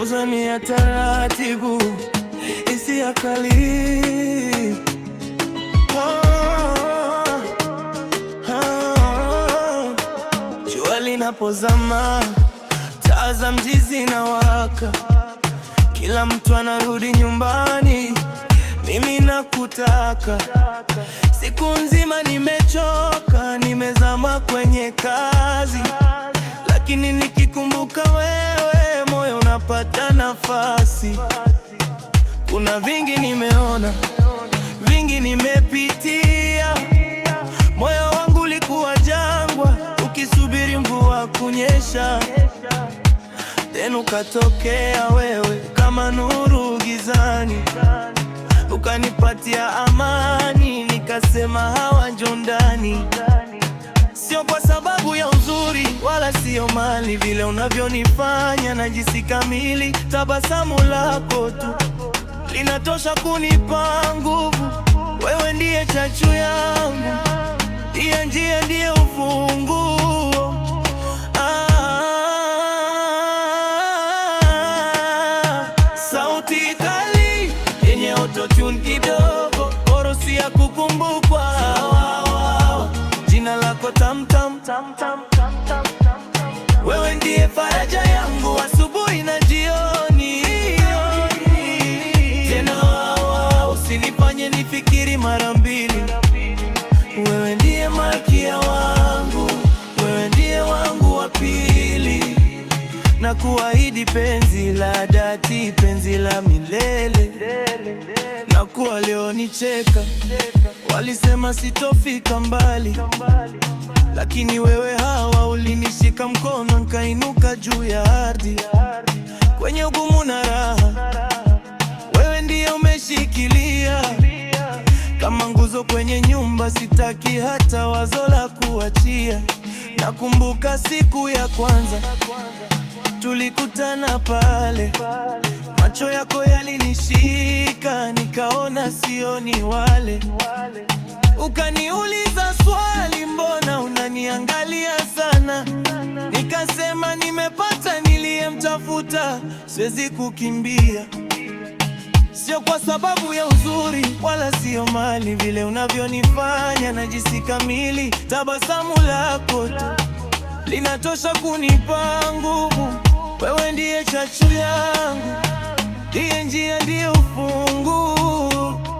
uzania taratibu isi ya jua linapozama taa za mji zinawaka, kila mtu anarudi nyumbani mimi nakutaka, siku nzima nimechoka, nimezama kwenye kazi, lakini nikikumbuka wewe moyo unapata nafasi. Kuna vingi nimeona, vingi nimepitia, moyo wangu ulikuwa jangwa, ukisubiri mvua kunyesha, tena ukatokea wewe kama nuru gizani ukanipatia amani, nikasema hawa njo ndani. Sio kwa sababu ya uzuri wala sio mali, vile unavyonifanya najisi kamili. Tabasamu lako tu linatosha kunipa nguvu, wewe ndiye chachu yangu, ndiye njia, ndiye ufunguo Wewe ndiye faraja yangu asubuhi na jioni, tena usinifanye nifikiri mara mbili. Wewe ndiye malkia wangu, wewe ndiye wangu wa pili, na kuahidi penzi la dhati, penzi la milele siku walionicheka, walisema sitofika mbali, lakini wewe Hawa ulinishika mkono nkainuka juu ya ardhi, kwenye ugumu na raha, wewe ndiye umeshikilia kama nguzo kwenye nyumba, sitaki hata wazo la kuachia. Nakumbuka siku ya kwanza tulikutana pale Macho yako yalinishika, nikaona sio ni wale. Ukaniuliza swali, mbona unaniangalia sana? Nikasema nimepata niliyemtafuta, siwezi kukimbia. Sio kwa sababu ya uzuri wala sio mali, vile unavyonifanya jisi kamili. Tabasamu lako tu linatosha kunipa nguvu, wewe ndiye chachu yangu. Hiyo njia ndiyo ufunguo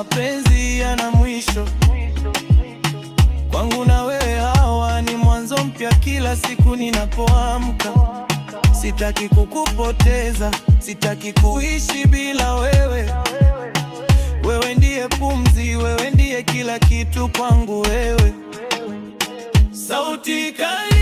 mapenzi yana mwisho, kwangu na wewe hawa ni mwanzo mpya kila siku ninapoamka. Sitaki kukupoteza, sitaki kuishi bila wewe. Wewe ndiye pumzi, wewe ndiye kila kitu kwangu, wewe sauti kali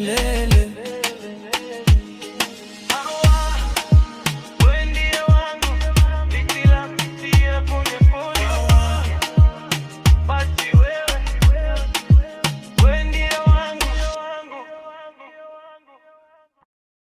Lele